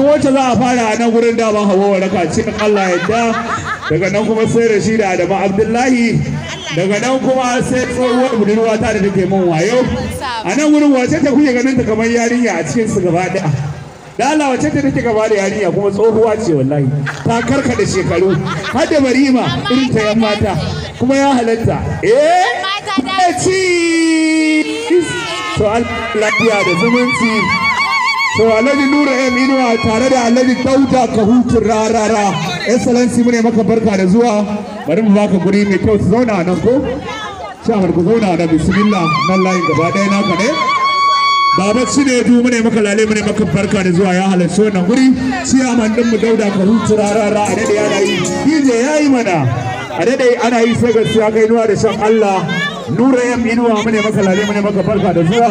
kafin wata za a fara a nan gurin daman hawa raka ce Allah yadda daga nan kuma sai da shi da adama Abdullahi daga nan kuma sai tsohuwar budurwa ta da take min wayo a nan gurin wace ta kuke ganin ta kamar yarinya a cikin su gaba daya da Allah wace ta take gaba da yarinya kuma tsohuwa ce wallahi ta karka da shekaru har da barima irin ta yan mata kuma ya halatta eh ci to Allah lafiya da zumunci to alhaji nura m inuwa tare da alhaji dauda kahutun rarara excellency mune maka barka da zuwa bari mu baka guri mai kyau su zauna nan ko shahar ku zauna da bismillah nan layin gaba ɗaya naka ne baba shi ne du mune maka lale mune maka barka da zuwa ya halarci wannan guri ciyaman din mu dauda kahutun rarara a daɗe ana yi dj ya yi mana a daidai ana yi sai gaskiya kai nuwa da shan allah nura m inuwa mune maka lale mune maka barka da zuwa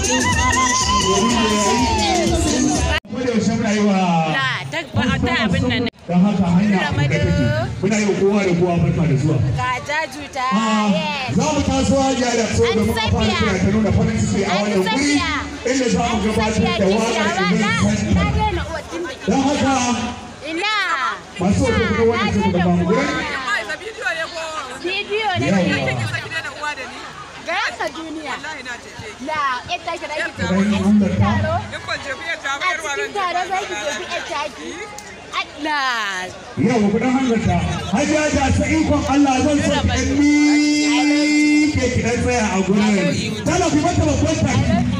don haka hanya da take da da a wannan wuri inda za gabatar da ina ga duniya na ita ka dai ki taro in ban jefi ya taro yar wannan taro za ki jefi ya taki Allah eh? yau ku dan hanzarta har ya da sa ikon Allah zan so ki ke ki dan tsaya a gurin talaka ku mata bakwai taki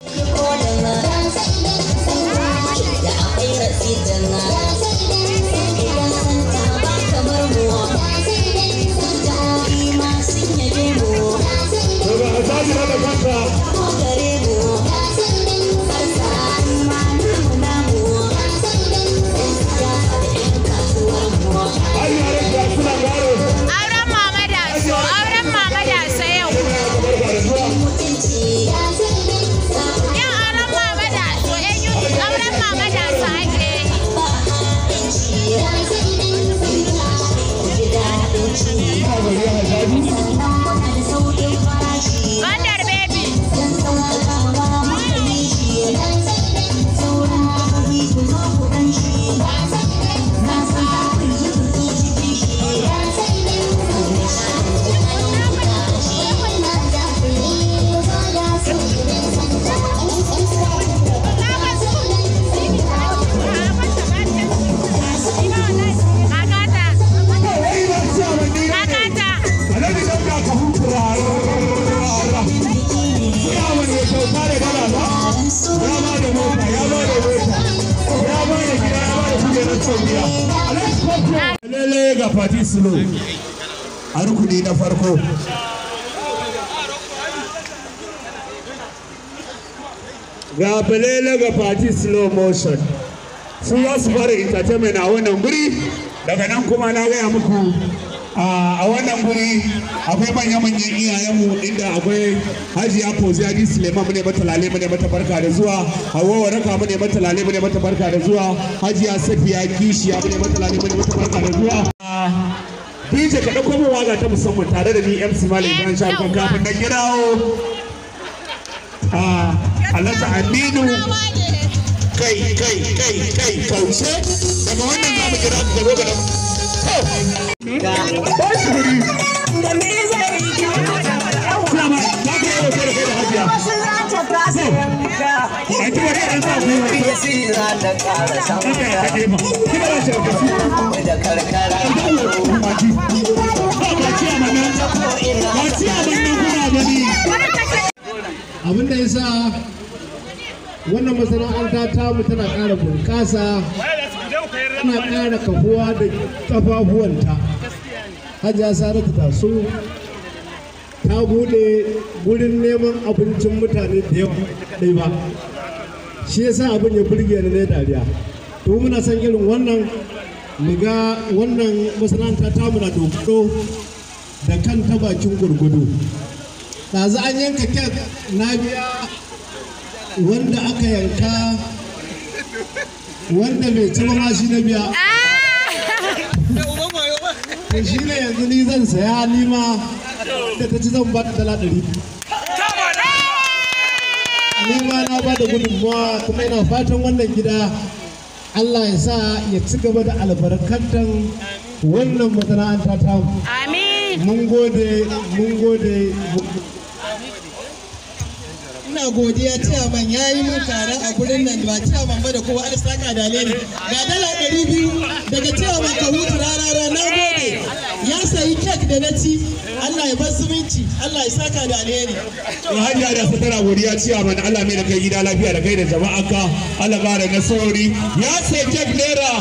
太危险。ga fati sulo a rukuni na farko ga balele ga fati slow motion su za su fara entertainment a wannan guri daga nan kuma na gaya muku a wannan guri akwai manya-manyan iyayenmu inda akwai hajiya fauziya suleiman mu ne mata lale mu mata barka da zuwa hawa waraka mu ne mata lale mu mata barka da zuwa hajiya safiya kishiya mu ne mata lale mu mata barka da zuwa DJ ka ɗauko min waga ta musamman tare da ni MC Malam eh, Ibrahim Shafin kafin na girawo Alhaji Aminu kai kai kai kai kauce daga wannan zamu kira ka gaba abin da ya sa wannan masana'anta tamu tana ƙara bunƙasa ana ƙara kafuwa da ƙafafuwanta hajiya saratu taso ta bude gurin neman abincin mutane da yawa ɗai ba shi ya yasa abin ya burge ni ne dariya to muna son irin wannan mu ga wannan masana'anta ta muna dogaro da kan ta bakin gurgudu ɗazu an yanka kek na biya wanda aka yanka wanda bai ci ba shi na biya ah! to shi ne yanzu ni zan saya nima da ta ci zan ba ta dala ɗari nima na ba da gudunmawa kuma ina fatan wannan gida Allah ya sa ya ci gaba da albarkantar wannan masana'anta ta Mun gode, mun gode. muna godiya ciyaman ya yi mun tare a gurin nan ba ciyaman ba da kowa alisaka da alheri ga dala ɗari biyu daga ciyaman ka hutu rarara na gode ya sayi kek da na ci Allah ya bar zumunci Allah ya saka da alheri to hajiya da su tana godiya ciyaman Allah mai da kai gida lafiya da kai da jama'a ka Allah ba da nasarori ya sayi kek naira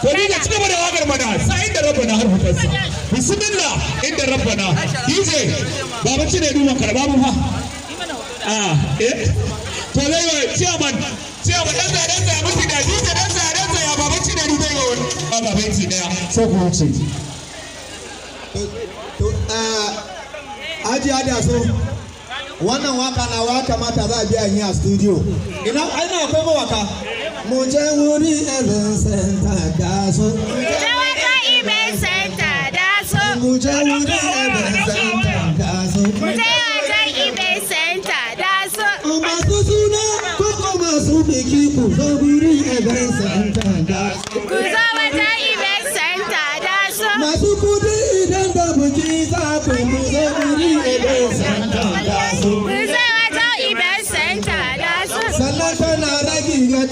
ko ni da cigaba da wakar mana sai da rabbana har hutarsa bismillah inda rabbana dj babanci ne duban karba mu fa a ah, eh. to zai yi ciyaman ciyaman dan da dan da miki da ji da dan da dan da ci da ni bai yau a ci daya sai ku wuce ah, aji so wannan waka na waka za a biya yi a studio ina aina akwai mawaka mu je wuri ezin senta ta su Sallata na ragi ga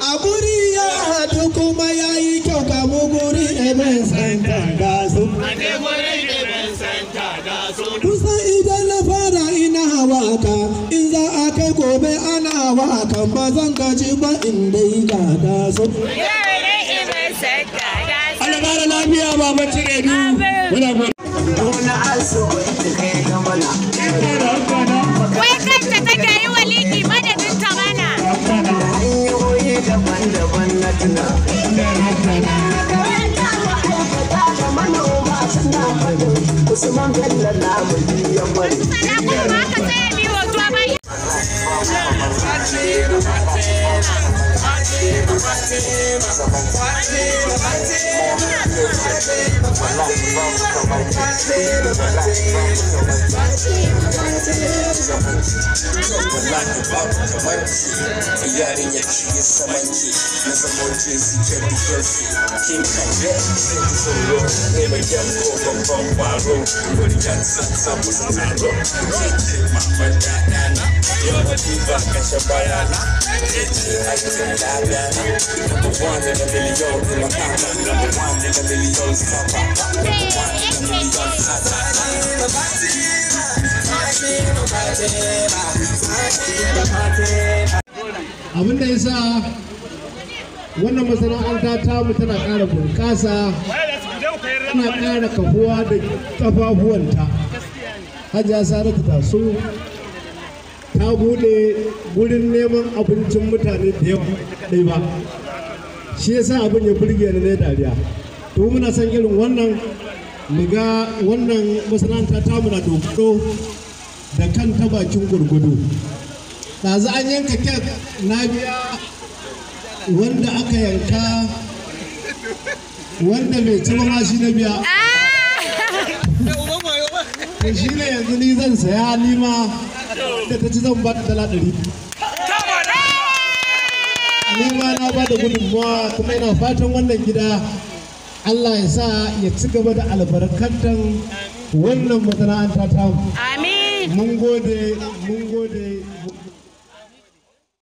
A guri ya hadu kuma ya yi kyau kamu guri event center da su. idan na fara ina waka in za a kai gobe ana waka ba zan gaji ba in dai ga da lafiya baba cire du muna gona asibiti kai ga mana wai kanta take yi wa liki madadin ta mana hanyoyi daban-daban na tunawa abantu babamanzi iyari one in a million Abin da ya sa wannan masana'anta ta mu tana ƙara bunƙasa tana ƙara kafuwa da ƙafafuwanta. Hajiya Saratu ta so ta buɗe gurin neman abincin mutane da yawa ɗai ba. shi yasa abin ya burge ni ne dariya to muna san irin wannan mu ga wannan masana'anta ta muna dokado da kan ta bakin gurgudu ɗazu an yanka kek na biya wanda aka yanka wanda mai cewa ma shi na biya ah! shi ne yanzu ni zan saya nima da ta ci zan ba ta dala ɗari ni ma na ba da gudunmawa kuma yana fatan wannan gida Allah ya sa ya ci gaba da albarkatan wannan masana'anta ta mu. Amin. Mun gode, mun gode.